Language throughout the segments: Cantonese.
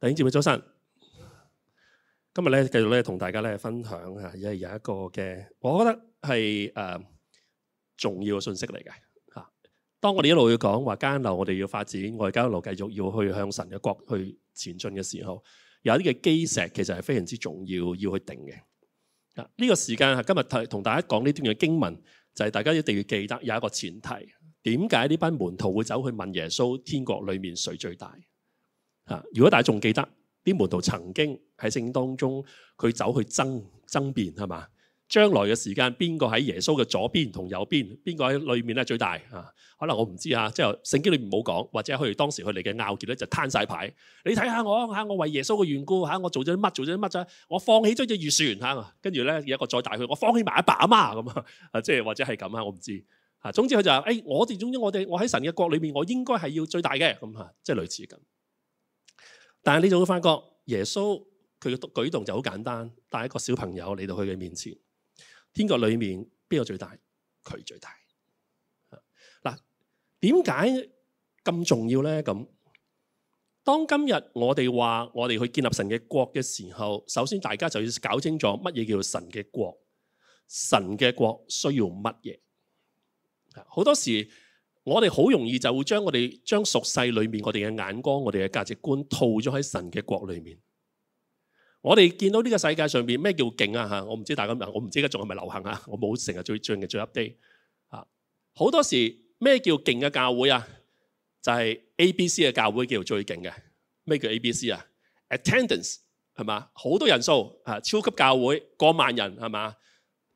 弟兄姊妹早晨，今日咧繼續咧同大家咧分享吓，因為有一個嘅，我覺得係誒、呃、重要嘅信息嚟嘅吓。當我哋一路要講話，加恩樓我哋要發展，外交加恩樓繼續要去向神嘅國去前進嘅時候，有啲嘅基石其實係非常之重要，要去定嘅。嗱，呢個時間今日同大家講呢段嘅經文，就係、是、大家一定要記得有一個前提。點解呢班門徒會走去問耶穌，天國裏面誰最大？啊！如果大家仲記得啲門徒曾經喺聖經當中佢走去爭爭辯係嘛？將來嘅時間邊個喺耶穌嘅左邊同右邊？邊個喺裏面咧最大啊？可能我唔知啊，即係聖經裏面冇講，或者佢哋當時佢哋嘅拗撬咧就攤晒牌。你睇下我嚇，我為耶穌嘅緣故嚇，我做咗啲乜？做咗啲乜啫？我放棄咗隻漁船。嚇，跟住咧有一個再大佢，我放棄埋阿爸阿媽咁啊！即係或者係咁啊？我唔知啊。總之佢就話：誒、哎，我哋總之我哋我喺神嘅國裏面，我應該係要最大嘅咁嚇，即係類似咁。但係你就會發覺耶穌佢嘅舉動就好簡單，帶一個小朋友嚟到佢嘅面前。天國裏面邊個最大？佢最大。嗱、啊，點解咁重要呢？咁當今日我哋話我哋去建立神嘅國嘅時候，首先大家就要搞清楚乜嘢叫做神嘅國？神嘅國需要乜嘢？好多時。我哋好容易就會將我哋將俗世裏面我哋嘅眼光、我哋嘅價值觀套咗喺神嘅國裏面。我哋見到呢個世界上邊咩叫勁啊？吓，我唔知大家我唔知而家仲係咪流行啊？我冇成日追最嘅最 update 啊！好多時咩叫勁嘅教會啊？就係、是、A、B、C 嘅教會叫做最勁嘅。咩叫 A、B、C 啊？Attendance 係嘛？好多人數啊，超級教會過萬人係嘛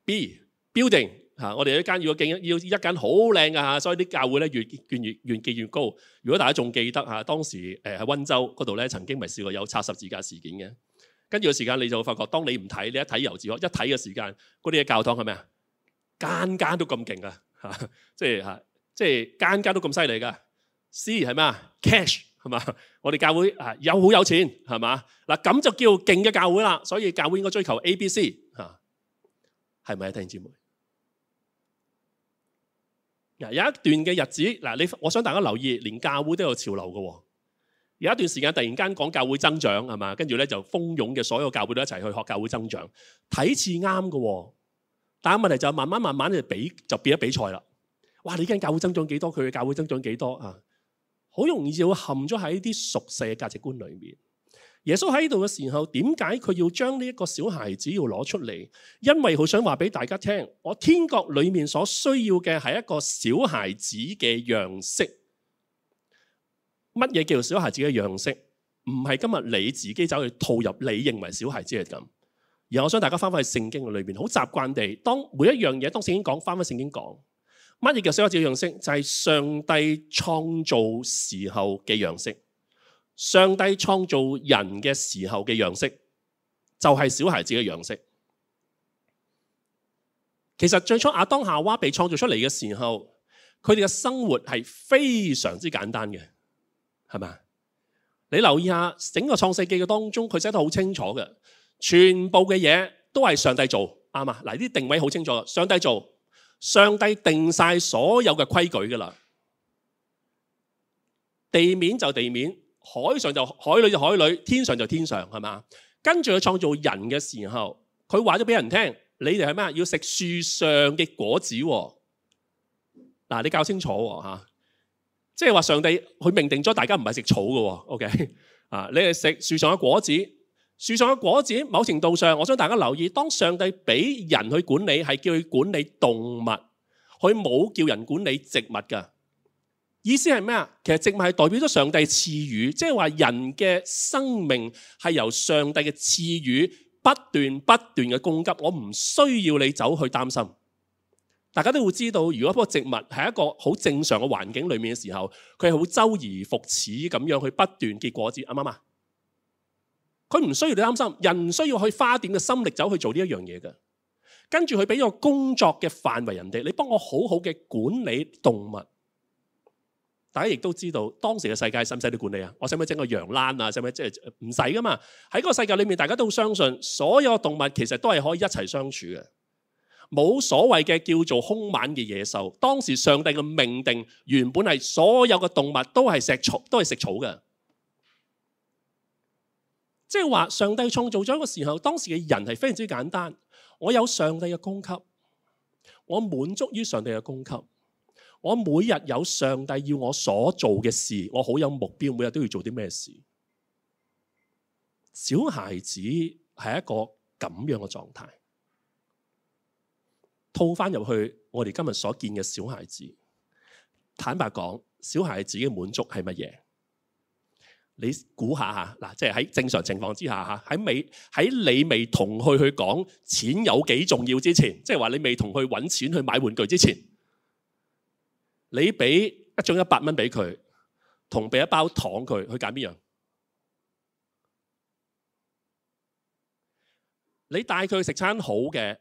？B building。嚇！我哋一間要勁，要一間好靚噶嚇，所以啲教會咧越建越越建越，越，越高。如果大家仲記得嚇，當時誒喺温州嗰度咧，曾經咪試過有拆十字架事件嘅。跟住嘅時間你就發覺，當你唔睇，你一睇遊子可一睇嘅時間，嗰啲嘅教堂係咩啊？間間都咁勁啊！嚇、就是，即係嚇，即係間間都咁犀利噶。C 係咩啊？Cash 係嘛？我哋教會啊，有好有錢係嘛？嗱，咁就叫勁嘅教會啦。所以教會應該追求 A、B、C 嚇，係咪啊，弟兄姊妹？有一段嘅日子，嗱你我想大家留意，連教會都有潮流嘅。有一段時間突然間講教會增長係嘛，跟住咧就蜂擁嘅所有教會都一齊去學教會增長，睇似啱嘅。但係問題就慢慢慢慢就比就變咗比賽啦。哇！你間教會增長幾多，佢嘅教會增長幾多啊？好容易就會陷咗喺啲俗世嘅價值觀裏面。耶穌喺呢度嘅時候，點解佢要將呢一個小孩子要攞出嚟？因為佢想話俾大家聽，我天國裏面所需要嘅係一個小孩子嘅樣式。乜嘢叫小孩子嘅樣式？唔係今日你自己走去套入你認為小孩子係咁。然後我想大家翻返去聖經裏面，好習慣地，當每一樣嘢當聖經講，翻返聖經講乜嘢叫小孩子嘅樣式，就係上帝創造時候嘅樣式。上帝創造人嘅時候嘅樣式，就係小孩子嘅樣式。其實最初亞當夏娃被創造出嚟嘅時候，佢哋嘅生活係非常之簡單嘅，係咪啊？你留意下整個創世記嘅當中，佢寫得好清楚嘅，全部嘅嘢都係上帝做，啱嘛？嗱，啲定位好清楚，上帝做，上帝定晒所有嘅規矩噶啦，地面就地面。海上就海裏就海裏，天上就天上，係嘛？跟住佢創造人嘅時候，佢話咗俾人聽，你哋係咩？要食樹上嘅果子。嗱，你教清楚吓，即係話上帝佢命定咗大家唔係食草嘅。OK 啊，你係食樹上嘅果子，樹上嘅果子，某程度上，我想大家留意，當上帝俾人去管理，係叫佢管理動物，佢冇叫人管理植物噶。意思係咩啊？其實植物係代表咗上帝賜予，即係話人嘅生命係由上帝嘅賜予不斷不斷嘅供給，我唔需要你走去擔心。大家都會知道，如果棵植物係一個好正常嘅環境裏面嘅時候，佢係好周而復始咁樣去不斷結果子。啱唔啱啊？佢唔需要你擔心，人不需要去花點嘅心力走去做呢一樣嘢嘅。跟住佢俾個工作嘅範圍人哋，你幫我好好嘅管理動物。大家亦都知道當時嘅世界使唔使你管理啊？我使唔使整個羊欄啊？使唔使即係唔使噶嘛？喺嗰個世界裏面，大家都相信所有動物其實都係可以一齊相處嘅，冇所謂嘅叫做兇猛嘅野獸。當時上帝嘅命定原本係所有嘅動物都係食草，都係食草嘅。即係話上帝創造咗一個時候，當時嘅人係非常之簡單。我有上帝嘅供給，我滿足於上帝嘅供給。我每日有上帝要我所做嘅事，我好有目標，每日都要做啲咩事。小孩子係一個咁樣嘅狀態，套翻入去我哋今日所見嘅小孩子，坦白講，小孩子嘅滿足係乜嘢？你估下吓？嗱，即係喺正常情況之下吓，喺未喺你未同佢去講錢有幾重要之前，即係話你未同佢搵錢去買玩具之前。你俾一張一百蚊俾佢，同俾一包糖佢，佢揀邊樣？你帶佢去食餐好嘅，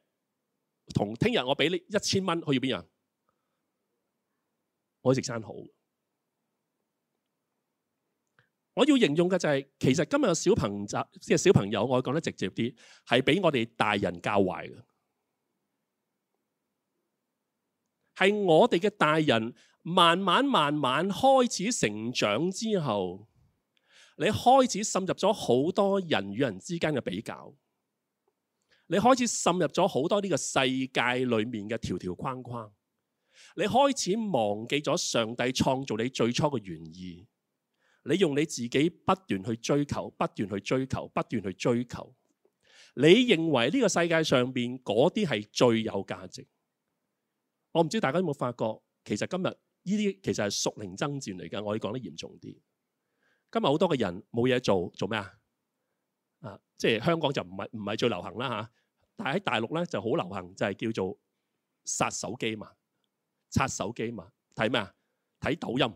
同聽日我俾你一千蚊，佢要邊樣？我去食餐好。我要形容嘅就係、是，其實今日嘅小朋友，即係小朋友我講得直接啲，係俾我哋大人教壞嘅。係我哋嘅大人，慢慢慢慢開始成長之後，你開始滲入咗好多人與人之間嘅比較，你開始滲入咗好多呢個世界裏面嘅條條框框，你開始忘記咗上帝創造你最初嘅原意，你用你自己不斷去追求，不斷去追求，不斷去追求，你認為呢個世界上邊嗰啲係最有價值。我唔知大家有冇發覺，其實今日呢啲其實係屬靈爭戰嚟㗎。我哋講得嚴重啲，今日好多嘅人冇嘢做，做咩啊？啊，即係香港就唔係唔係最流行啦嚇，但係喺大陸咧就好流行，就係叫做刷手機嘛，刷手機嘛，睇咩啊？睇抖音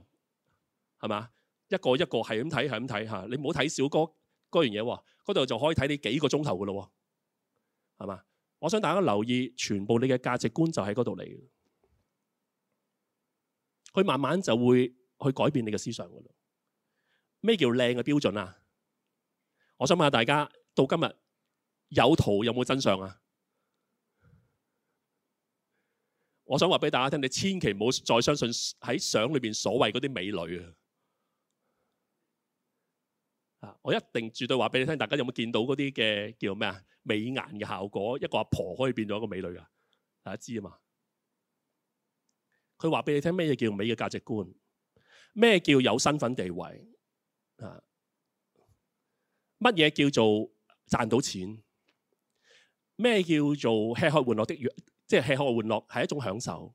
係嘛？一個一個係咁睇，係咁睇嚇。你唔好睇小哥嗰樣嘢喎，嗰度就可以睇你幾個鐘頭㗎咯，係嘛？我想大家留意，全部你嘅價值觀就喺嗰度嚟。佢慢慢就會去改變你嘅思想噶啦。咩叫靚嘅標準啊？我想問下大家，到今日有圖有冇真相啊？我想話俾大家聽，你千祈唔好再相信喺相裏邊所謂嗰啲美女啊！啊，我一定絕對話俾你聽，大家有冇見到嗰啲嘅叫做咩啊？美顏嘅效果，一個阿婆可以變咗一個美女啊，大家知啊嘛。佢話俾你聽咩嘢叫美嘅價值觀，咩叫有身份地位啊？乜嘢叫做賺到錢？咩叫做吃喝玩樂的，即係吃喝玩樂係一種享受？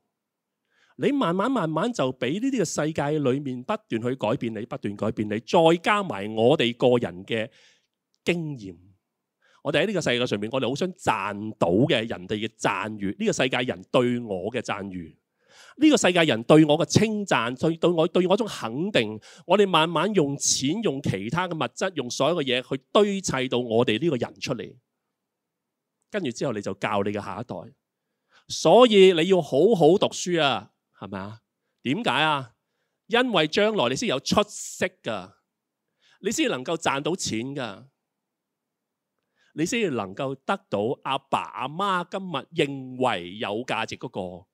你慢慢慢慢就俾呢啲嘅世界裏面不斷去改變你，不斷改變你，再加埋我哋個人嘅經驗。我哋喺呢個世界上面，我哋好想賺到嘅人哋嘅讚譽，呢個世界的人對我嘅讚譽。呢、個世界人對我嘅稱讚，對對我對我一種肯定，我哋慢慢用錢、用其他嘅物質、用所有嘅嘢，去堆砌到我哋呢個人出嚟，跟住之後你就教你嘅下一代，所以你要好好讀書啊，係咪啊？點解啊？因為將來你先有出息噶，你先能夠賺到錢噶，你先能夠得到阿爸阿媽今日認為有價值嗰個。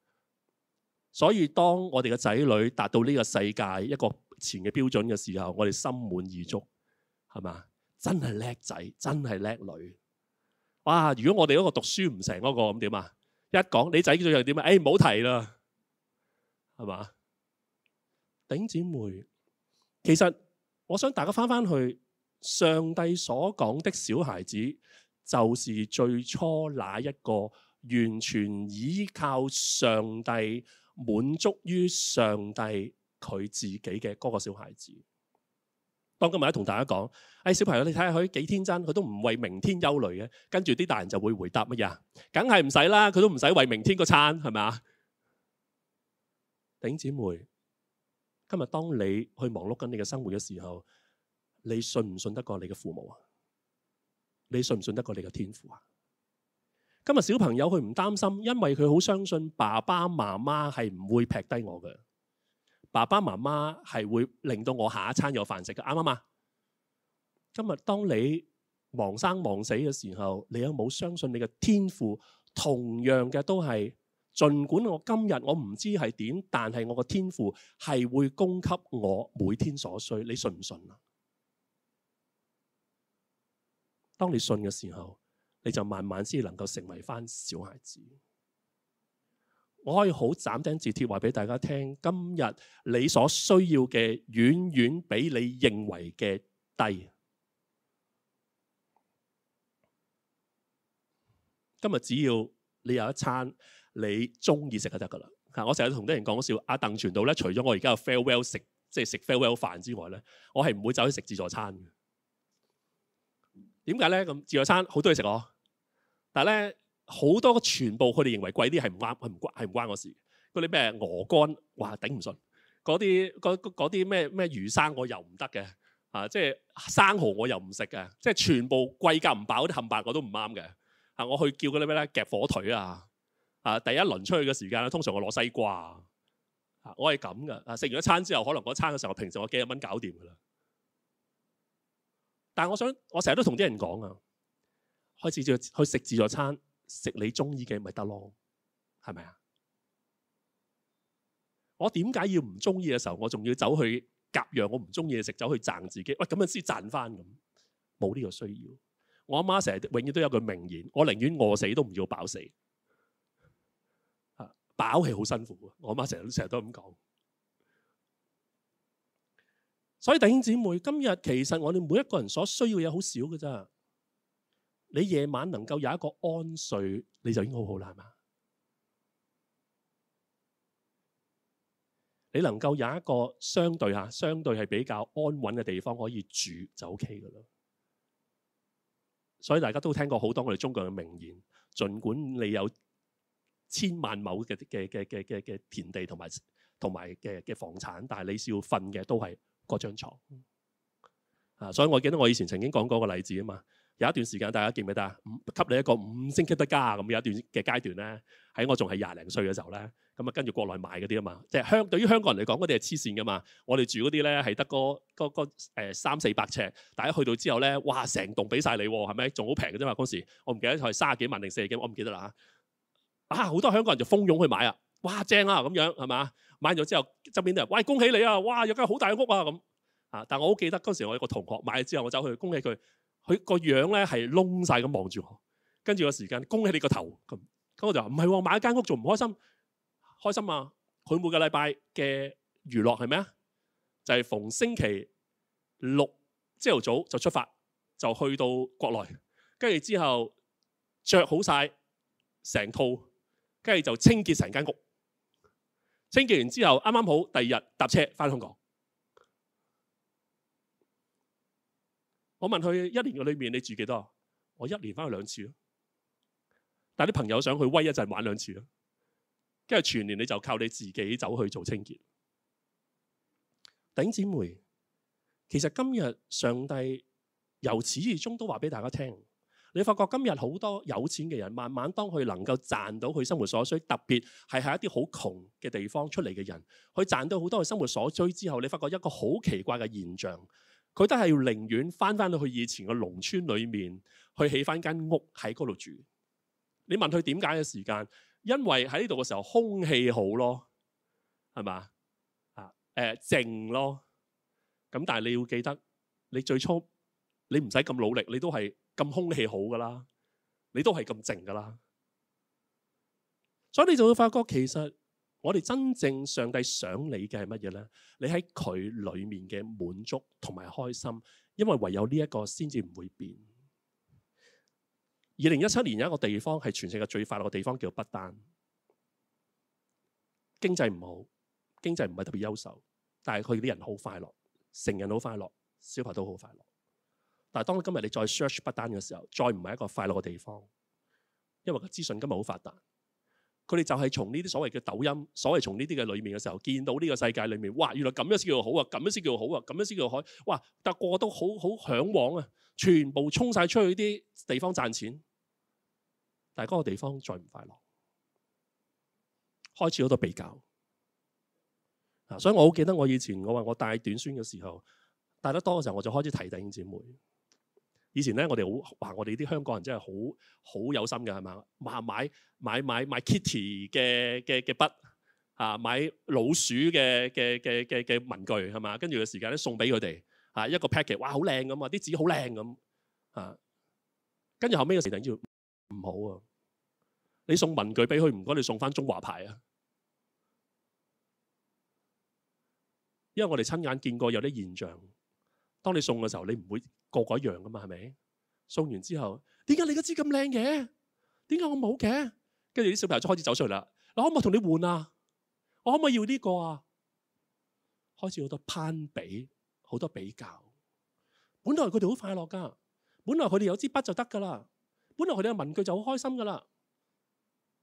所以，當我哋嘅仔女達到呢個世界一個前嘅標準嘅時候，我哋心滿意足，係嘛？真係叻仔，真係叻女。哇！如果我哋嗰個讀書唔成嗰個咁點啊？一講你仔最近點啊？誒，唔好提啦，係嘛？頂姊妹，其實我想大家翻翻去上帝所講的小孩子，就是最初那一個完全依靠上帝。滿足於上帝佢自己嘅嗰個小孩子。當今日一同大家講，誒、哎、小朋友你睇下佢幾天真，佢都唔為明天憂慮嘅。跟住啲大人就會回答乜嘢？梗係唔使啦，佢都唔使為明天個餐係咪啊？頂姊妹，今日當你去忙碌緊你嘅生活嘅時候，你信唔信得過你嘅父母啊？你信唔信得過你嘅天父啊？今日小朋友佢唔擔心，因為佢好相信爸爸媽媽係唔會撇低我嘅。爸爸媽媽係會令到我下一餐有飯食嘅，啱唔啱？今日當你忙生忙死嘅時候，你有冇相信你嘅天父？同樣嘅都係，儘管我今日我唔知係點，但係我嘅天父係會供給我每天所需。你信唔信啊？當你信嘅時候。你就慢慢先能夠成為翻小孩子。我可以好斬釘截鐵話俾大家聽：今日你所需要嘅遠遠比你認為嘅低。今日只要你有一餐你中意食就得噶啦。嚇，我成日同啲人講笑，阿鄧傳道咧，除咗我而家有 farewell 食，即係食 farewell 飯之外咧，我係唔會走去食自助餐嘅。點解咧？咁自助餐好多嘢食喎。但係咧，好多全部佢哋認為貴啲係唔啱，係唔關係唔關我事。嗰啲咩鵝肝，哇，頂唔順。嗰啲啲咩咩魚生，我又唔得嘅。啊，即係生蠔我又唔食嘅。即係全部貴價唔飽啲冚白我都唔啱嘅。啊，我去叫嗰啲咩咧夾火腿啊。啊，第一輪出去嘅時間咧，通常我攞西瓜。啊，我係咁嘅。啊，食完一餐之後，可能嗰餐嘅時候，平時我幾十蚊搞掂㗎啦。但係我想，我成日都同啲人講啊。開始去食自助餐，食你中意嘅咪得咯，係咪啊？我點解要唔中意嘅時候，我仲要走去夾藥？我唔中意嘅食，走去賺自己，喂咁樣先賺翻咁，冇呢個需要。我阿媽成日永遠都有句名言：我寧願餓死都唔要飽死。啊，飽係好辛苦。我阿媽成日都成日都咁講。所以弟兄姊妹，今日其實我哋每一個人所需要嘅嘢好少嘅啫。你夜晚能夠有一個安睡，你就已經好好啦，係嘛？你能夠有一個相對吓、相對係比較安穩嘅地方可以住，就 OK 㗎喇。所以大家都聽過好多我哋中國嘅名言，儘管你有千萬畝嘅嘅嘅嘅嘅田地同埋同埋嘅嘅房產，但係你需要瞓嘅都係嗰張牀。啊，所以我記得我以前曾經講過個例子啊嘛。有一段時間大家記唔記得啊？給你一個五星級的家。咁，有一段嘅階段咧，喺我仲係廿零歲嘅時候咧，咁啊跟住國內買嗰啲啊嘛，即係香對於香港人嚟講，嗰啲係黐線噶嘛。我哋住嗰啲咧係得個個個三四百尺，大家去到之後咧，哇成棟俾晒你喎，係咪？仲好平嘅啫嘛，嗰時我唔記得係三十幾萬定四十幾我唔記得啦嚇。啊，好多香港人就蜂擁去買啊！哇正啊咁樣係嘛？買咗之後，周邊啲人喂恭喜你啊！哇有間好大屋啊咁啊！但我好記得嗰時我有一個同學買咗之後，我走去，去恭喜佢。佢個樣咧係窿晒咁望住我，跟住個時間恭喜你個頭咁，咁我就話唔係喎，買間屋仲唔開心，開心啊！佢每個禮拜嘅娛樂係咩啊？就係逢星期六朝頭早就出發，就去到國內，跟住之後着好晒成套，跟住就清潔成間屋，清潔完之後啱啱好第二日搭車翻香港。我問佢一年嘅，裏面你住幾多？我一年翻去兩次咯。但啲朋友想去威一陣，就是，玩兩次咯，跟住全年你就靠你自己走去做清潔。頂姊妹，其實今日上帝由始至終都話俾大家聽，你發覺今日好多有錢嘅人，慢慢當佢能夠賺到佢生活所需，特別係喺一啲好窮嘅地方出嚟嘅人，佢賺到好多佢生活所需之後，你發覺一個好奇怪嘅現象。佢都係要寧願返返到去以前嘅農村裏面，去起返間屋喺嗰度住。你問佢點解嘅時間？因為喺呢度嘅時候空氣好咯，係咪？啊、呃、誒靜咯。咁但係你要記得，你最初你唔使咁努力，你都係咁空氣好㗎啦，你都係咁靜㗎啦。所以你就會發覺其實。我哋真正上帝想你嘅係乜嘢呢？你喺佢裏面嘅滿足同埋開心，因為唯有呢一個先至唔會變。二零一七年有一個地方係全世界最快樂嘅地方，叫不丹。經濟唔好，經濟唔係特別優秀，但係佢啲人好快樂，成人都好快樂，小朋友都好快樂。但係當今日你再 search 不丹嘅時候，再唔係一個快樂嘅地方，因為個資訊今日好發達。佢哋就係從呢啲所謂嘅抖音，所謂從呢啲嘅裏面嘅時候，見到呢個世界裏面，哇！原來咁樣先叫做好啊，咁樣先叫做好啊，咁樣先叫做好哇！但個個都好好向往啊，全部衝晒出去啲地方賺錢，但係嗰個地方再唔快樂，開始好多比較啊！所以我好記得我以前我話我帶短宣嘅時候，帶得多嘅時候我就開始提弟兄姊妹。以前咧，我哋好話，我哋啲香港人真係好好有心嘅，係嘛？買買買買 Kitty 嘅嘅嘅筆，嚇買老鼠嘅嘅嘅嘅嘅文具，係嘛？跟住嘅時間咧，送俾佢哋嚇一個 package，哇，好靚咁啊！啲紙好靚咁嚇。跟住後尾嘅時突然之間唔好啊！你送文具俾佢，唔該，你送翻中華牌啊！因為我哋親眼見過有啲現象，當你送嘅時候，你唔會。個個一樣噶嘛，係咪？送完之後，點解你支咁靚嘅？點解我冇嘅？跟住啲小朋友就開始走出去啦。我可唔可以同你換啊？我可唔可以要呢個啊？開始好多攀比，好多比較。本來佢哋好快樂噶，本來佢哋有支筆就得噶啦，本來佢哋有文具就好開心噶啦。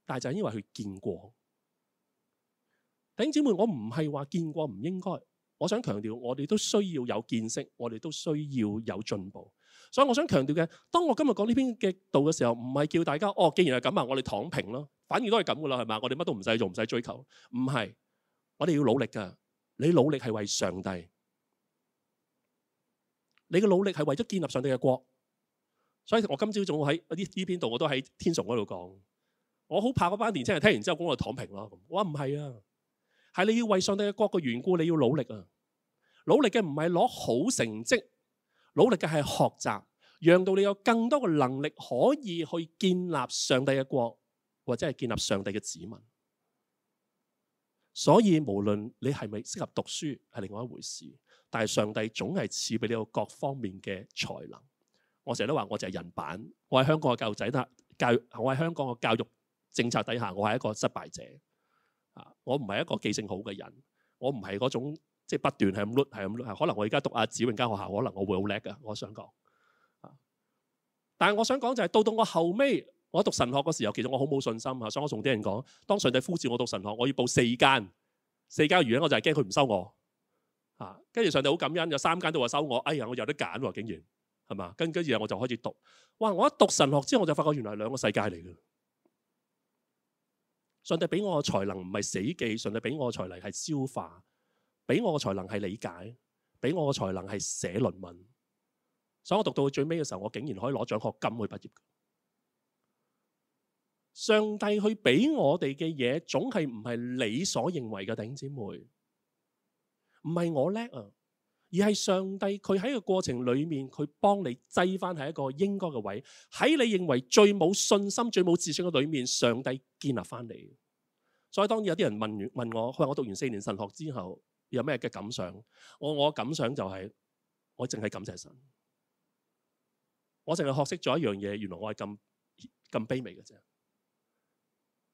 但係就因為佢見過，弟兄姊妹，我唔係話見過唔應該。我想強調，我哋都需要有見識，我哋都需要有進步。所以我想強調嘅，當我今日講呢篇嘅道嘅時候，唔係叫大家哦，既然係咁啊，我哋躺平咯，反而都係咁噶啦，係嘛？我哋乜都唔使做，唔使追求，唔係，我哋要努力噶。你努力係為上帝，你嘅努力係為咗建立上帝嘅國。所以我今朝早喺呢篇度，我都喺天崇嗰度講。我好怕嗰班年輕人聽完之後講我躺平咯。我話唔係啊。係你要為上帝嘅國嘅緣故，你要努力啊！努力嘅唔係攞好成績，努力嘅係學習，讓到你有更多嘅能力可以去建立上帝嘅國，或者係建立上帝嘅子民。所以無論你係咪適合讀書係另外一回事，但係上帝總係賜俾你有各方面嘅才能。我成日都話我就係人版，我喺香港嘅教育仔得教育，我喺香港嘅教育政策底下，我係一個失敗者。我唔係一個記性好嘅人，我唔係嗰種即係不斷係咁碌，係咁碌。可能我而家讀阿子榮間學校，可能我會好叻噶。我想講，但係我想講就係到到我後屘，我，我，我讀神學嗰時候，其實我好冇信心啊。所以我同啲人講，當上帝呼召我讀神學，我要報四間，四間原因我就驚佢唔收我。吓、哎，跟住上帝好感恩，有三間都話收我。哎呀，我有得揀喎，竟然係嘛？跟跟住我就開始讀。哇！我一讀神學之後，我就發覺原來係兩個世界嚟嘅。上帝俾我嘅才能唔係死記，上帝俾我嘅才能係消化，俾我嘅才能係理解，俾我嘅才能係寫論文。所以我讀到最尾嘅時候，我竟然可以攞獎學金去畢業。上帝去俾我哋嘅嘢，總係唔係你所認為嘅，弟兄姊妹，唔係我叻啊！而係上帝，佢喺個過程裏面，佢幫你擠翻喺一個應該嘅位，喺你認為最冇信心、最冇自信嘅裏面，上帝建立翻你。所以當有啲人問完問我，佢話我，我讀完四年神學之後有咩嘅感想？我我嘅感想就係、是、我淨係感謝神，我淨係學識咗一樣嘢，原來我係咁咁卑微嘅啫。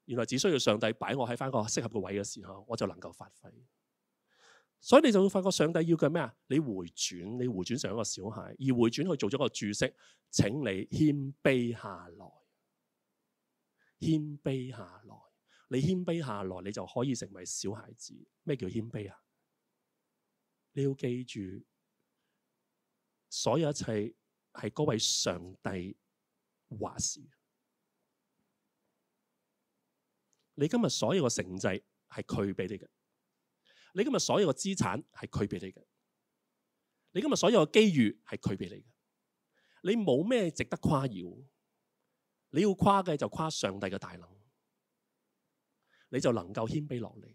原來只需要上帝擺我喺翻個適合嘅位嘅時候，我就能夠發揮。所以你就會發覺上帝要嘅係咩啊？你回轉，你回轉成一個小孩，而回轉去做咗個註釋，請你謙卑下來，謙卑下來，你謙卑下來，你就可以成為小孩子。咩叫謙卑啊？你要記住，所有一切係嗰位上帝話事，你今日所有個成績係佢俾你嘅。你今日所有嘅資產係佢俾你嘅，你今日所有嘅機遇係佢俾你嘅，你冇咩值得誇耀，你要誇嘅就誇上帝嘅大能，你就能夠謙卑落嚟。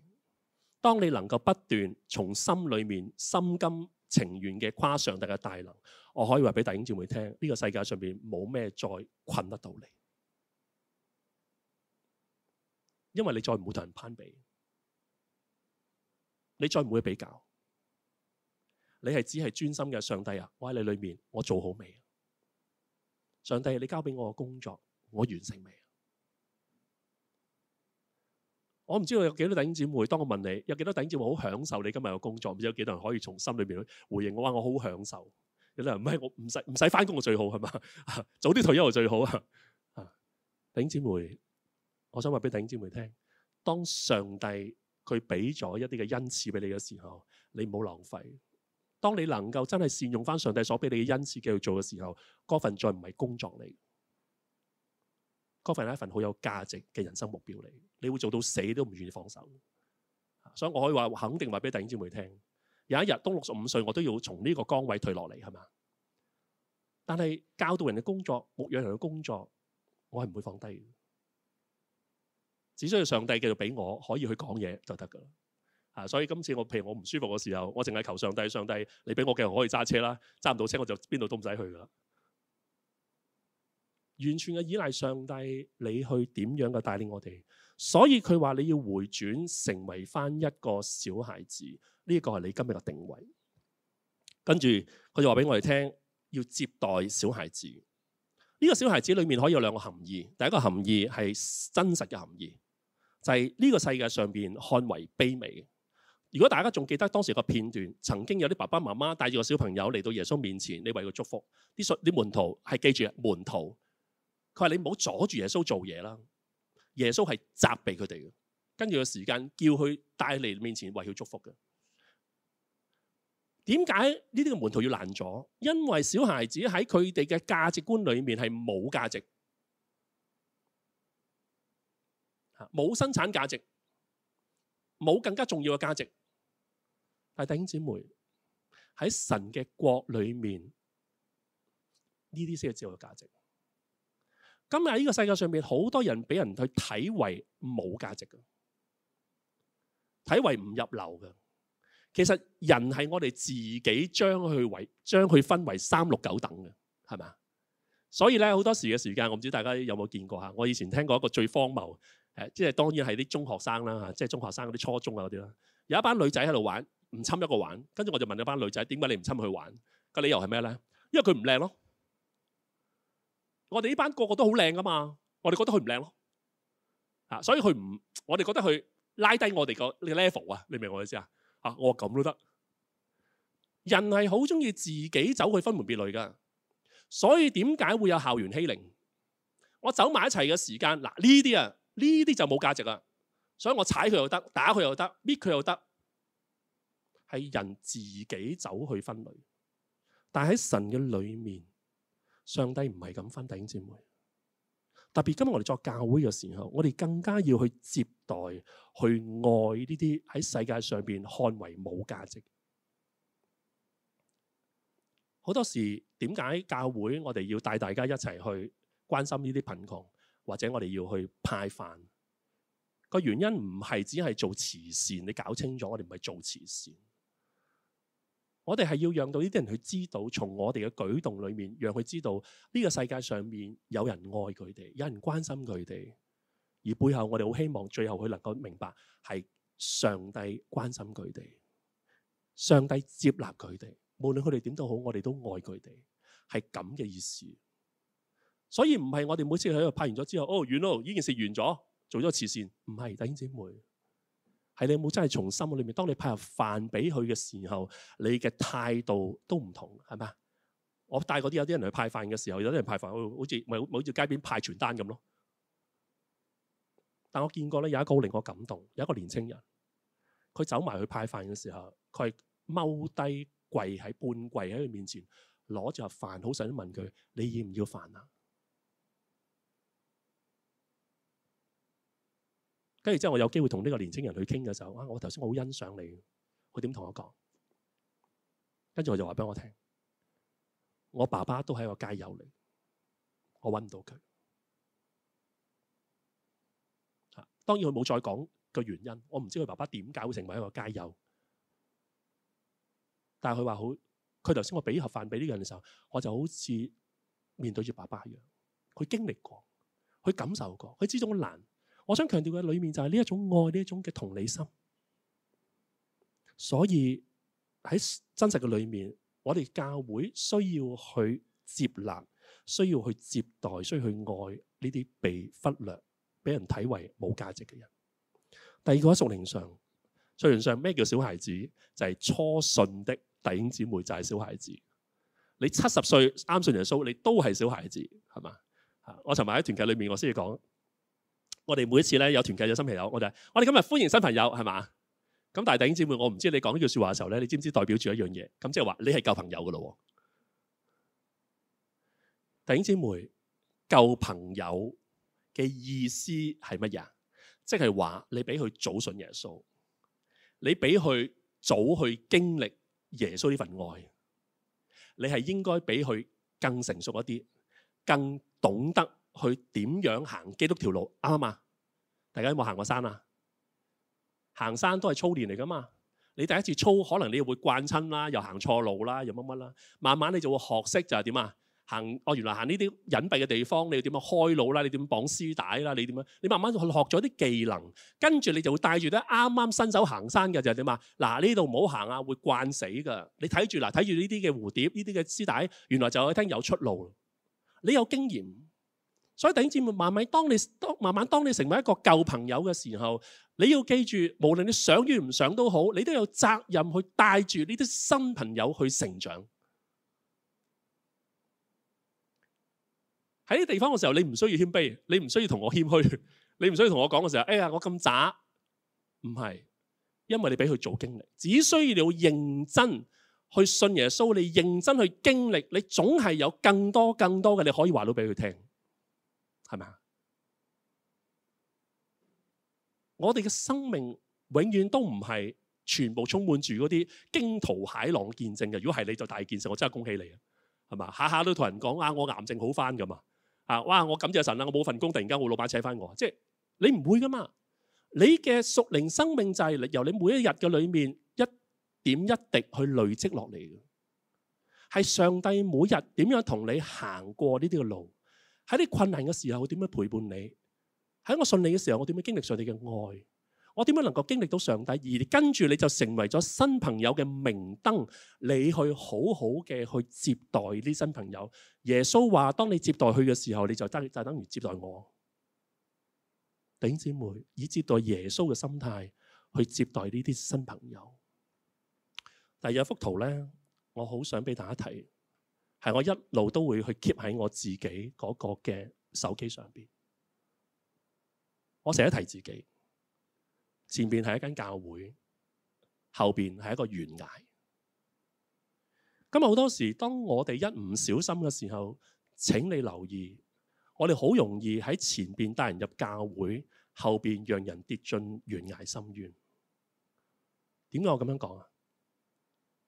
當你能夠不斷從心裏面心甘情願嘅誇上帝嘅大能，我可以話俾弟兄姐妹聽，呢個世界上面冇咩再困得到你，因為你再唔會同人攀比。你再唔會比較，你係只係專心嘅上帝啊，我喺你裏面，我做好未？上帝，你交俾我嘅工作，我完成未？我唔知道有幾多弟兄姊妹。當我問你，有幾多弟兄姊妹好享受你今日嘅工作？唔知有幾多人可以從心裏邊去回應我話我好享受？有啲人唔係，我唔使唔使返工就最好係嘛？早啲退休就最好啊！弟兄姊妹，我想話俾弟兄姊妹聽，當上帝。佢俾咗一啲嘅恩賜俾你嘅時候，你唔好浪費。當你能夠真係善用翻上帝所俾你嘅恩賜，繼續做嘅時候，嗰份再唔係工作嚟，嗰份係一份好有價值嘅人生目標嚟。你會做到死都唔願意放手。所以我可以話肯定話俾弟兄姊妹聽：有一日當六十五歲，我都要從呢個崗位退落嚟，係嘛？但係教導人嘅工作、牧養人嘅工作，我係唔會放低。只需要上帝繼續俾我可以去講嘢就得噶啦，啊！所以今次我譬如我唔舒服嘅時候，我淨係求上帝，上帝你俾我繼續可以揸車啦，揸唔到車我就邊度都唔使去噶啦。完全係依賴上帝，你去點樣嘅帶領我哋？所以佢話你要回轉成為翻一個小孩子，呢個係你今日嘅定位。跟住佢就話俾我哋聽，要接待小孩子。呢、這個小孩子裏面可以有兩個含義，第一個含義係真實嘅含義，就係、是、呢個世界上邊看為卑微嘅。如果大家仲記得當時個片段，曾經有啲爸爸媽媽帶住個小朋友嚟到耶穌面前你為佢祝福，啲信啲門徒係記住，門徒佢話你唔好阻住耶穌做嘢啦，耶穌係責備佢哋嘅，跟住個時間叫佢帶嚟面前為佢祝福嘅。點解呢啲嘅門徒要攔阻？因為小孩子喺佢哋嘅價值觀裏面係冇價值，吓冇生產價值，冇更加重要嘅價值。但係弟兄姊妹喺神嘅國裏面，呢啲先係最有價值。今日呢個世界上面，好多人俾人去睇為冇價值嘅，睇為唔入流嘅。其實人係我哋自己將佢為將佢分為三六九等嘅，係咪啊？所以咧好多時嘅時間，我唔知大家有冇見過吓。我以前聽過一個最荒謬誒，即係當然係啲中學生啦吓，即係中學生嗰啲初中啊嗰啲啦，有一班女仔喺度玩唔侵一個玩，跟住我就問咗班女仔：點解你唔侵佢玩？個理由係咩咧？因為佢唔靚咯。我哋呢班個個都好靚噶嘛，我哋覺得佢唔靚咯吓，所以佢唔我哋覺得佢拉低我哋個 level 啊！你明唔明我意思啊？啊！我咁都得，人係好中意自己走去分門別類噶，所以點解會有校園欺凌？我走埋一齊嘅時間，嗱呢啲啊呢啲就冇價值啦，所以我踩佢又得，打佢又得，搣佢又得，係人自己走去分類。但係喺神嘅裏面，上帝唔係咁分弟兄姊妹。特別今日我哋作教會嘅時候，我哋更加要去接待、去愛呢啲喺世界上邊看為冇價值。好多時，點解教會我哋要帶大家一齊去關心呢啲貧窮，或者我哋要去派飯？個原因唔係只係做慈善，你搞清楚，我哋唔係做慈善。我哋係要讓到呢啲人去知道，從我哋嘅舉動裏面，讓佢知道呢個世界上面有人愛佢哋，有人關心佢哋。而背後我哋好希望最後佢能夠明白，係上帝關心佢哋，上帝接納佢哋。無論佢哋點都好，我哋都愛佢哋，係咁嘅意思。所以唔係我哋每次喺度拍完咗之後哦，哦完咯，呢件事完咗，做咗慈善，唔係弟兄姐妹。係你有冇真係從心裏面？當你派盒飯俾佢嘅時候，你嘅態度都唔同，係咪啊？我帶嗰啲有啲人去派飯嘅時候，有啲人去派飯好似唔好似街邊派傳單咁咯。但我見過咧有一個好令我感動，有一個年青人，佢走埋去派飯嘅時候，佢係踎低跪喺半跪喺佢面前攞住盒飯，好想問佢：你要唔要飯啊？跟住之後，我有機會同呢個年輕人去傾嘅時候，啊！我頭先我好欣賞你，佢點同我講？跟住我就話俾我聽，我爸爸都係一個街友嚟，我揾唔到佢。嚇！當然佢冇再講個原因，我唔知佢爸爸點解會成為一個街友。但係佢話好，佢頭先我俾盒飯俾呢個人嘅時候，我就好似面對住爸爸一樣，佢經歷過，佢感受過，佢知道好難。我想強調嘅裏面就係呢一種愛，呢一種嘅同理心。所以喺真實嘅裏面，我哋教會需要去接納，需要去接待，需要去愛呢啲被忽略、俾人睇為冇價值嘅人。第二個喺屬靈上，屬靈上咩叫小孩子？就係、是、初信的弟兄姊妹就係小，小孩子。你七十歲啱信耶穌，你都係小孩子，係嘛？我尋日喺團契裏面，我先至講。我哋每一次咧有團契有新朋友，我就係我哋今日歡迎新朋友，係嘛？咁但係弟兄姊妹，我唔知你講呢句説話嘅時候咧，你知唔知代表住一樣嘢？咁即係話你係舊朋友嘅咯。弟兄姊妹，舊朋友嘅意思係乜嘢？即係話你俾佢早信耶穌，你俾佢早去經歷耶穌呢份愛，你係應該俾佢更成熟一啲，更懂得。去點樣行基督條路啱唔啱？大家有冇行過山啊？行山都係操練嚟噶嘛？你第一次操可能你會慣親啦，又行錯路啦，又乜乜啦。慢慢你就會學識就係點啊？行哦，原來行呢啲隱蔽嘅地方，你要點樣開路啦，你點樣綁絲帶啦，你點樣？你慢慢去學咗啲技能，跟住你就會帶住啲啱啱新手行山嘅就係點啊？嗱，呢度唔好行啊，會慣死噶。你睇住嗱，睇住呢啲嘅蝴蝶，呢啲嘅絲帶，原來就聽有出路。你有經驗。所以弟兄姊妹，慢慢當你當慢慢當你成為一個舊朋友嘅時候，你要記住，無論你想與唔想都好，你都有責任去帶住呢啲新朋友去成長。喺呢啲地方嘅時候，你唔需要謙卑，你唔需要同我謙虛，你唔需要同我講嘅時候，哎呀，我咁渣，唔係，因為你俾佢做經歷，只需要你要認真去信耶穌，你認真去經歷，你總係有更多更多嘅你可以話到俾佢聽。係咪啊？我哋嘅生命永遠都唔係全部充滿住嗰啲驚濤駭浪見證嘅。如果係你就大見證，我真係恭喜你啊！係嘛，下下都同人講啊，我癌症好翻噶嘛啊！哇，我感謝神啦，我冇份工，突然間我老闆請翻我，即係你唔會噶嘛。你嘅屬靈生命就係由你每一日嘅裏面一點一滴去累積落嚟，嘅係上帝每日點樣同你行過呢啲嘅路。喺啲困難嘅時候，我點樣陪伴你？喺我信你嘅時候，我點樣經歷上你嘅愛？我點樣能夠經歷到上帝，而跟住你就成為咗新朋友嘅明燈？你去好好嘅去接待啲新朋友。耶穌話：當你接待佢嘅時候，你就等就等於接待我。弟兄姊妹以接待耶穌嘅心態去接待呢啲新朋友。但有幅圖呢，我好想俾大家睇。係我一路都會去 keep 喺我自己嗰個嘅手機上邊。我成日提自己，前邊係一間教會，後邊係一個懸崖。咁好多時，當我哋一唔小心嘅時候，請你留意，我哋好容易喺前邊帶人入教會，後邊讓人跌進懸崖深淵。點解我咁樣講啊？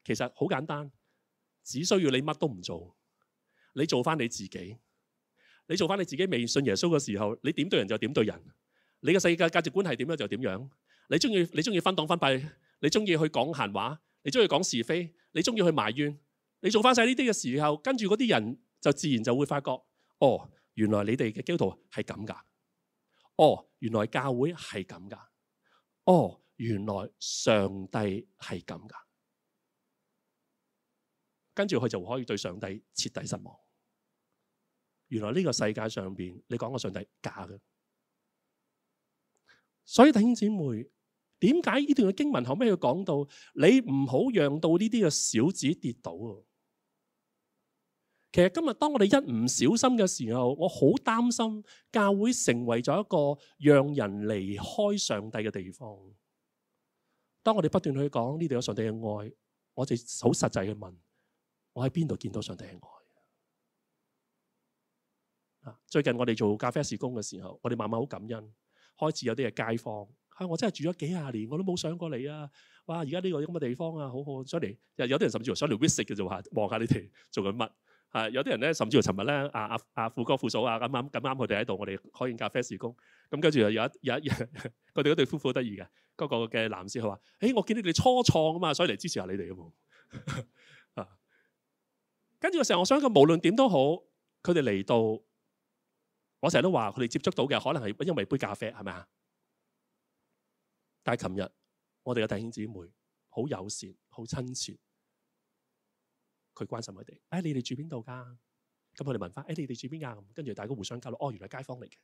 其實好簡單。只需要你乜都唔做，你做翻你自己，你做翻你自己未信耶穌嘅時候，你點對人就點對人，你嘅世界價值觀係點咧，點樣就點樣。你中意你中意，分黨分派，你中意去講閒話，你中意講是非，你中意去埋怨，你做翻晒呢啲嘅時候，跟住嗰啲人就自然就會發覺，哦，原來你哋嘅基督徒係咁噶，哦，原來教會係咁噶，哦，原來上帝係咁噶。跟住佢就可以對上帝徹底失望。原來呢個世界上邊，你講個上帝假嘅。所以弟兄姊妹，點解呢段嘅經文後尾要講到你唔好讓到呢啲嘅小子跌倒啊？其實今日當我哋一唔小心嘅時候，我好擔心教會成為咗一個讓人離開上帝嘅地方。當我哋不斷去講呢度有上帝嘅愛，我哋好實際去問。我喺邊度見到上帝嘅愛啊？最近我哋做咖啡事工嘅時候，我哋慢慢好感恩，開始有啲係街坊。我真係住咗幾廿年，我都冇上過嚟啊！哇，而家呢個咁嘅地方啊，好好。想嚟有啲人甚至乎想嚟 visit 嘅，就話望下你哋做緊乜。係有啲人咧，甚至乎尋日咧，阿阿阿富哥、富嫂啊，咁啱咁啱，佢哋喺度，我哋開緊咖啡事工。咁跟住又有一有一，佢哋嗰對夫婦得意嘅嗰個嘅男士，佢話：，誒，我見到你哋初創啊嘛，所以嚟支持下你哋嘅。跟住成日，我想佢無論點都好，佢哋嚟到，我成日都話佢哋接觸到嘅可能係因為杯咖啡係咪啊？但係琴日我哋嘅弟兄姊妹好友善、好親切，佢關心佢哋。哎，你哋住邊度噶？咁我哋問翻，哎，你哋住邊噶？跟住大家互相交流。哦，原來街坊嚟嘅。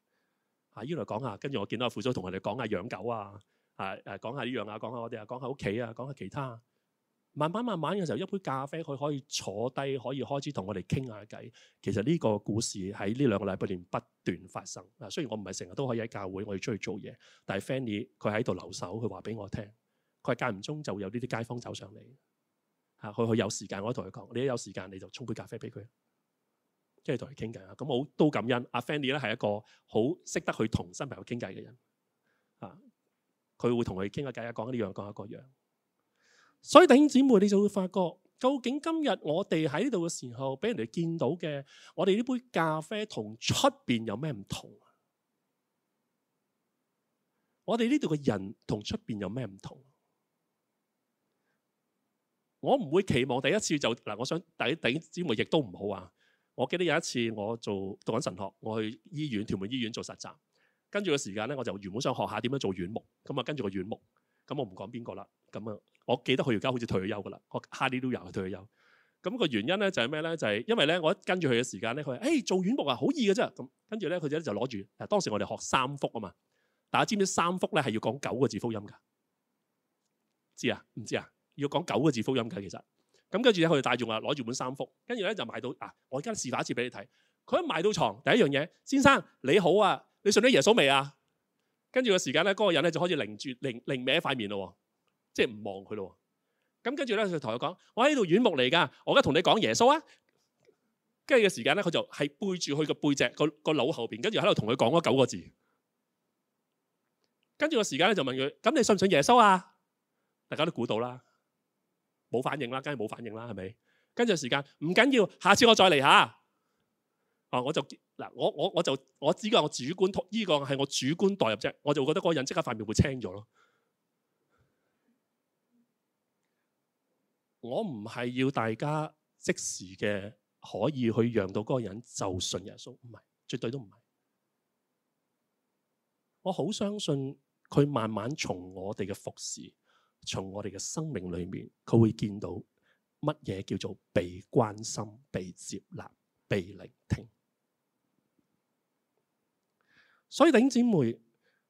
啊，依度講下，跟住我見到阿富叔同我哋講下養狗啊，啊誒，講下呢樣啊，講下我哋啊，講下屋企啊，講下其他。慢慢慢慢嘅時候，一杯咖啡佢可以坐低，可以開始同我哋傾下偈。其實呢個故事喺呢兩個禮拜年不斷發生。嗱，雖然我唔係成日都可以喺教會，我哋出去做嘢，但係 Fanny 佢喺度留守，佢話俾我聽，佢話間唔中就有呢啲街坊走上嚟。嚇，佢佢有時間，我同佢講，你一有時間你就沖杯咖啡俾佢，即係同佢傾偈。啊。咁我都感恩，阿 Fanny 咧係一個好識得去同新朋友傾偈嘅人。啊，佢會同佢傾下偈，講呢樣講下嗰樣。所以弟兄姊妹，你就會發覺，究竟今日我哋喺呢度嘅時候，俾人哋見到嘅，我哋呢杯咖啡同出邊有咩唔同啊？我哋呢度嘅人同出邊有咩唔同？我唔會期望第一次就嗱，我想第一弟兄姊妹亦都唔好啊！我記得有一次我做讀緊神學，我去醫院，屯門醫院做實習，跟住個時間咧，我就原本想學下點樣做院牧，咁啊，跟住個院牧，咁我唔講邊個啦，咁啊。我記得佢而家好似退咗休嘅啦，我哈利路亞都有退休了。咁、那個原因咧就係咩咧？就係、是、因為咧，我一跟住佢嘅時間咧，佢誒、欸、做軟木啊，好易嘅啫。咁跟住咧，佢就就攞住。當時我哋學三幅啊嘛。但大家知唔知三幅咧係要講九個字福音㗎？知啊？唔知啊？要講九個字福音㗎其實。咁跟住咧，佢就帶住我攞住本三幅，跟住咧就買到嗱、啊。我而家示範一次俾你睇。佢一買到床，第一樣嘢，先生你好啊，你信咗耶穌未啊？跟住嘅時間咧，嗰、那個人咧就開始擰住擰擰歪塊面咯喎。即係唔望佢咯，咁跟住咧就同佢講：我喺度軟木嚟噶，我而家同你講耶穌啊！他着他的他的跟住嘅時間咧，佢就係背住佢個背脊、個個腦後邊，跟住喺度同佢講嗰九個字。跟住個時間咧就問佢：咁你信唔信耶穌啊？大家都估到啦，冇反應啦，梗係冇反應啦，係咪？跟住時間唔緊要，下次我再嚟吓。啊，我就嗱，我我我就我只係我主觀，依、呢個係我主觀代入啫，我就覺得嗰人即刻塊面會青咗咯。我唔係要大家即時嘅可以去讓到嗰個人就信耶穌，唔係，絕對都唔係。我好相信佢慢慢從我哋嘅服侍，從我哋嘅生命裏面，佢會見到乜嘢叫做被關心、被接納、被聆聽。所以弟姊妹，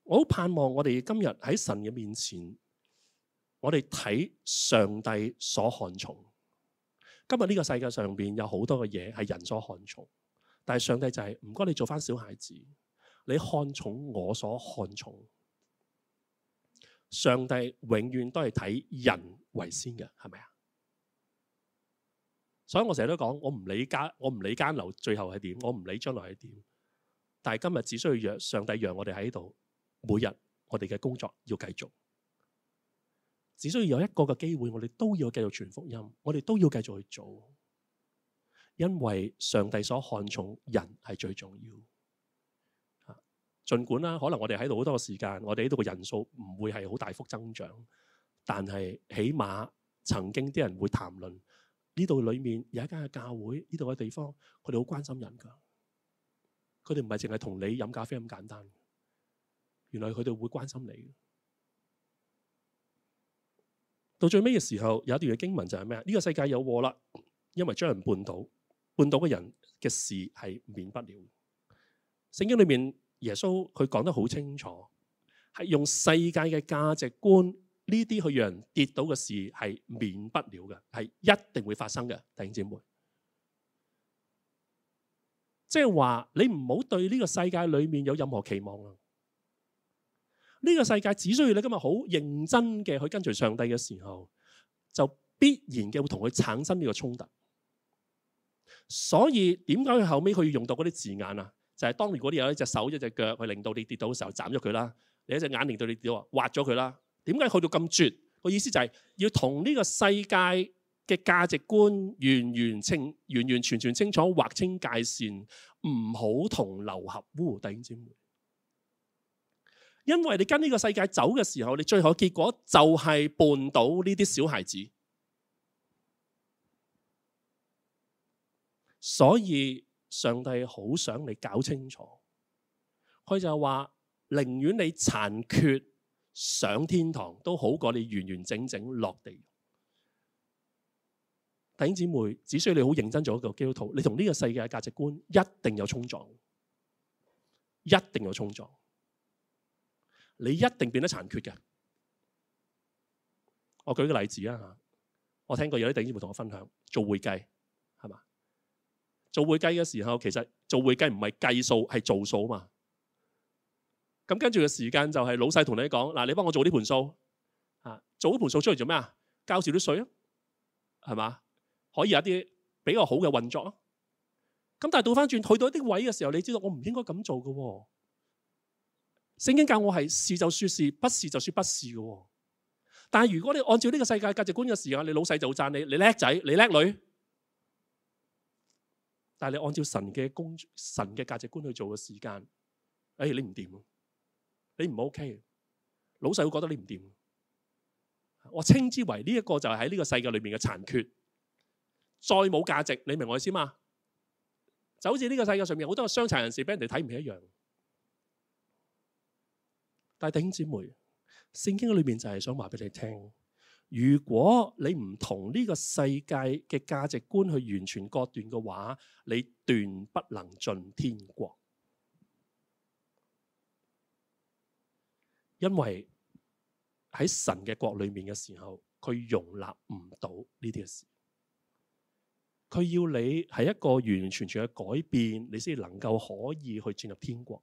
我好盼望我哋今日喺神嘅面前，我哋睇上帝所看重，今日呢個世界上邊有好多嘅嘢係人所看重，但係上帝就係唔該你做翻小孩子，你看重我所看重，上帝永遠都係睇人為先嘅，係咪啊？所以我成日都講，我唔理家我唔理間樓最後係點，我唔理將來係點，但係今日只需要讓上帝讓我哋喺度，每日我哋嘅工作要繼續。只需要有一個嘅機會，我哋都要繼續傳福音，我哋都要繼續去做，因為上帝所看重人係最重要。啊，儘管啦，可能我哋喺度好多時間，我哋呢度嘅人數唔會係好大幅增長，但係起碼曾經啲人會談論呢度裡面有一間嘅教會，呢度嘅地方佢哋好關心人㗎，佢哋唔係淨係同你飲咖啡咁簡單，原來佢哋會關心你。到最尾嘅時候，有一段嘅經文就係咩？呢個世界有禍啦，因為將人絆倒，絆倒嘅人嘅事係免不了。聖經裏面耶穌佢講得好清楚，係用世界嘅價值觀呢啲去讓人跌倒嘅事係免不了嘅，係一定會發生嘅。弟兄姐妹，即係話你唔好對呢個世界裏面有任何期望。呢、這個世界只需要你今日好認真嘅去跟隨上帝嘅時候，就必然嘅會同佢產生呢個衝突。所以點解佢後尾佢要用到嗰啲字眼啊？就係、是、當年嗰啲有一隻手、一隻腳去令到你跌倒嘅時候斬咗佢啦，你一隻眼令到你跌倒挖咗佢啦。點解去到咁絕？個意思就係、是、要同呢個世界嘅價值觀完完全完完全全清楚劃清界線，唔好同流合污。弟兄因為你跟呢個世界走嘅時候，你最後結果就係絆倒呢啲小孩子。所以上帝好想你搞清楚他說，佢就話寧願你殘缺上天堂，都好過你完完整整落地獄。弟兄姊妹，只需要你好認真做一個基督徒，你同呢個世界嘅價值觀一定有衝撞，一定有衝撞。你一定變得殘缺嘅。我舉個例子啊嚇，我聽過有啲弟兄們同我分享，做會計，係嘛？做會計嘅時候，其實做會計唔係計數，係做數啊嘛。咁跟住嘅時間就係老細同你講，嗱，你幫我做呢盤數，這盤數啊，做呢盤數出嚟做咩啊？交少啲稅啊，係嘛？可以有一啲比較好嘅運作啊。咁但係倒翻轉去到一啲位嘅時候，你知道我唔應該咁做嘅喎、哦。聖經教我係是，是就説是，不是就算不是嘅、哦。但係如果你按照呢個世界價值觀嘅時間，你老細就會讚你，你叻仔，你叻女。但係你按照神嘅公神嘅價值觀去做嘅時間，誒、哎、你唔掂，你唔 OK，老細會覺得你唔掂。我稱之為呢一、這個就係喺呢個世界裏面嘅殘缺，再冇價值。你明我意思嘛？就好似呢個世界上面好多個傷殘人士俾人哋睇唔起一樣。但係弟兄姊妹，聖經裏面就係想話俾你聽，如果你唔同呢個世界嘅價值觀去完全割斷嘅話，你斷不能進天國。因為喺神嘅國裏面嘅時候，佢容納唔到呢啲嘅事。佢要你係一個完完全全嘅改變，你先能夠可以去進入天國。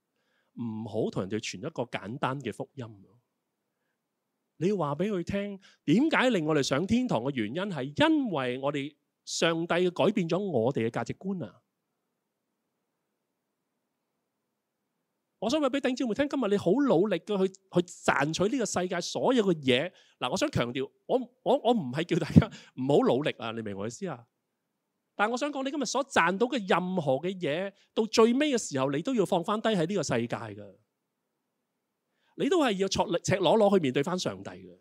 唔好同人哋傳一個簡單嘅福音，你要話俾佢聽，點解令我哋上天堂嘅原因係因為我哋上帝改變咗我哋嘅價值觀啊！我想話俾弟兄姊妹聽，今日你好努力嘅去去賺取呢個世界所有嘅嘢，嗱，我想強調，我我我唔係叫大家唔好努力啊，你明我意思啊？但係我想講，你今日所賺到嘅任何嘅嘢，到最尾嘅時候，你都要放翻低喺呢個世界噶。你都係要坐立赤裸裸去面對翻上帝嘅。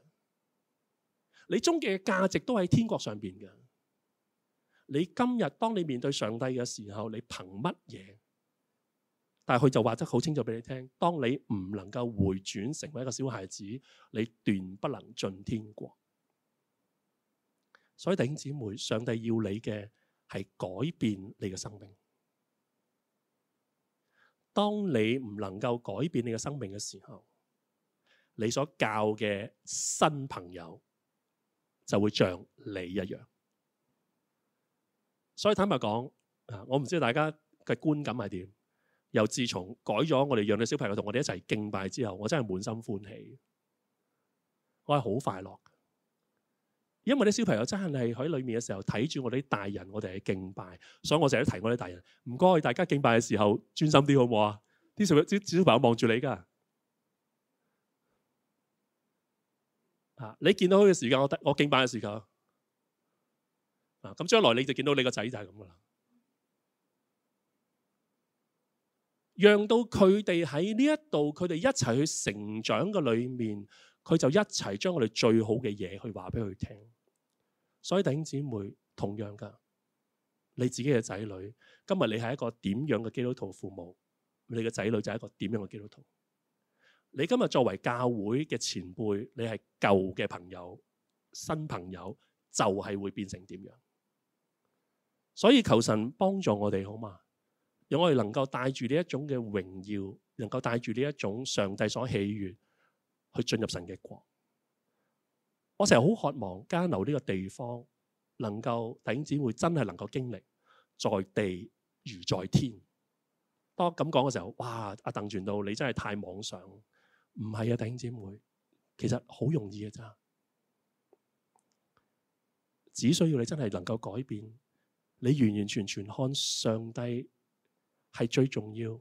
你終極嘅價值都喺天國上邊嘅。你今日當你面對上帝嘅時候，你憑乜嘢？但係佢就話得好清楚俾你聽，當你唔能夠回轉成為一個小孩子，你斷不能進天國。所以弟兄姊妹，上帝要你嘅。係改變你嘅生命。當你唔能夠改變你嘅生命嘅時候，你所教嘅新朋友就會像你一樣。所以坦白講，我唔知道大家嘅觀感係點。又自從改咗我哋養嘅小朋友同我哋一齊敬拜之後，我真係滿心歡喜，我係好快樂。因為啲小朋友真係喺裏面嘅時候睇住我哋啲大人，我哋係敬拜，所以我成日都提我啲大人，唔該大家敬拜嘅時候專心啲好唔好啊？啲小朋友望住你噶，啊，你見到佢嘅時間，我我敬拜嘅時間，啊，咁將來你就見到你個仔就係咁噶啦。讓到佢哋喺呢一度，佢哋一齊去成長嘅裏面，佢就一齊將我哋最好嘅嘢去話俾佢聽。所以弟兄姊妹，同樣㗎，你自己嘅仔女，今日你係一個點樣嘅基督徒父母，你嘅仔女就係一個點樣嘅基督徒。你今日作為教會嘅前輩，你係舊嘅朋友、新朋友，就係、是、會變成點樣？所以求神幫助我哋，好嗎？讓我哋能夠帶住呢一種嘅榮耀，能夠帶住呢一種上帝所喜悅，去進入神嘅國。我成日好渴望加恩樓呢個地方能夠弟兄姊妹真係能夠經歷在地如在天。當咁講嘅時候，哇！阿鄧傳道，你真係太妄想。唔係啊，弟兄姊妹，其實好容易嘅咋，只需要你真係能夠改變，你完完全全看上帝係最重要，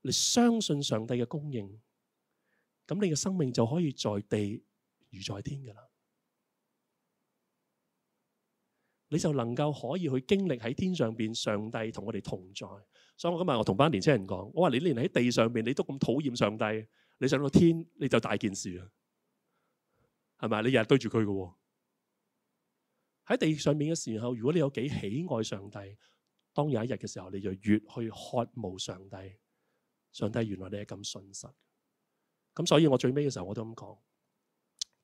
你相信上帝嘅供應，咁你嘅生命就可以在地如在天㗎喇。你就能夠可以去經歷喺天上邊，上帝同我哋同在。所以我今日我同班年青人講，我話你連喺地上邊你都咁討厭上帝，你上到天你就大件事啊，係咪？你日日對住佢㗎喎。喺地上面嘅時候，如果你有幾喜愛上帝，當有一日嘅時候，你就越去渴慕上帝。上帝原來你係咁信實。咁所以我最尾嘅時候我都咁講，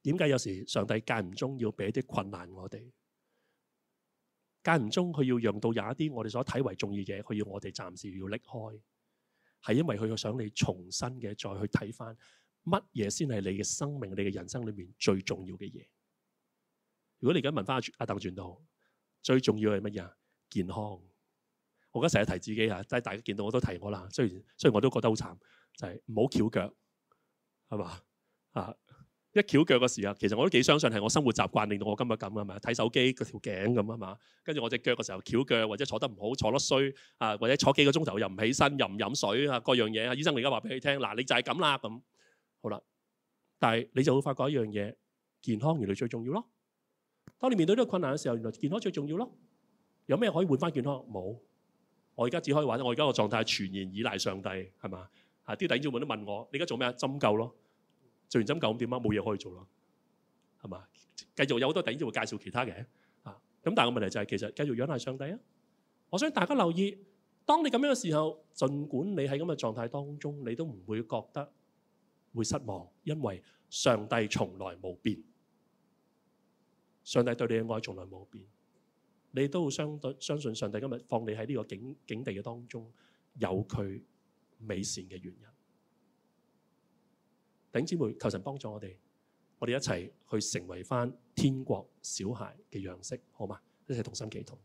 點解有時上帝間唔中要俾啲困難我哋？間唔中，佢要讓到有一啲我哋所睇為重要嘢，佢要我哋暫時要拎開，係因為佢想你重新嘅再去睇翻乜嘢先係你嘅生命、你嘅人生裏面最重要嘅嘢。如果你而家問翻阿阿鄧傳道，最重要係乜嘢？健康。我而家成日提自己啊，但係大家見到我都提我啦。雖然雖然我都覺得好慘，就係唔好翹腳，係嘛啊？一翹腳嘅時候，其實我都幾相信係我生活習慣令到我今日咁嘅嘛，睇手機個條頸咁啊嘛，跟住我隻腳嘅時候翹腳或者坐得唔好，坐得衰啊，或者坐幾個鐘頭又唔起身，又唔飲水啊，各樣嘢啊，醫生嚟而家話俾你聽，嗱你就係咁啦咁，好啦，但係你就會發覺一樣嘢，健康原來最重要咯。當你面對呢個困難嘅時候，原來健康最重要咯。有咩可以換翻健康？冇，我而家只可以話。我而家個狀態全然依賴上帝，係嘛？嚇、啊！啲弟兄姊妹都問我，你而家做咩？針灸咯。做完針灸咁點啊？冇嘢可以做啦，係嘛？繼續有好多弟兄會介紹其他嘅啊。咁但係個問題就係，其實繼續仰賴上帝啊。我想大家留意，當你咁樣嘅時候，儘管你喺咁嘅狀態當中，你都唔會覺得會失望，因為上帝從來冇變。上帝對你嘅愛從來冇變，你都相對相信上帝今日放你喺呢個境境地嘅當中，有佢美善嘅原因。弟兄姊妹，求神幫助我哋，我哋一齊去成為翻天國小孩嘅樣式，好嘛？一齊同心祈禱。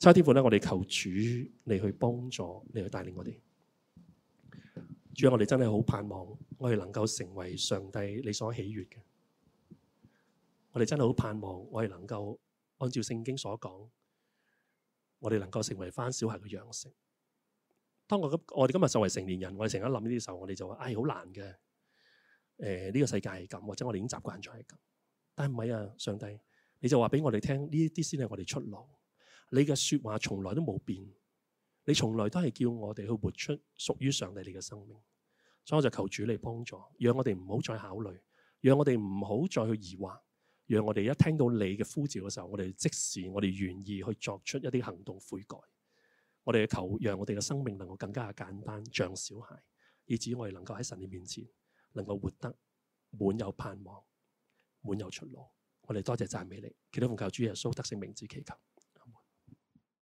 差天父咧，我哋求主你去幫助，你去帶領我哋。主啊，我哋真係好盼望，我哋能夠成為上帝你所喜悅嘅。我哋真係好盼望，我哋能夠按照聖經所講，我哋能夠成為翻小孩嘅樣式。當我，我今我哋今日作為成年人，我哋成日諗呢啲時候，我哋就話唉，好難嘅。誒、呃，呢、這個世界係咁，或者我哋已經習慣咗係咁。但係唔係啊，上帝，你就話俾我哋聽，呢啲先係我哋出路。你嘅說話從來都冇變，你從來都係叫我哋去活出屬於上帝你嘅生命。所以我就求主你幫助，讓我哋唔好再考慮，讓我哋唔好再去疑惑，讓我哋一聽到你嘅呼召嘅時候，我哋即時我哋願意去作出一啲行動悔改。我哋求讓我哋嘅生命能夠更加簡單，像小孩，以至我哋能夠喺神嘅面前。能夠活得滿有盼望，滿有出路。我哋多謝讚美你，祈禱求都奉教主耶穌得勝名字祈求。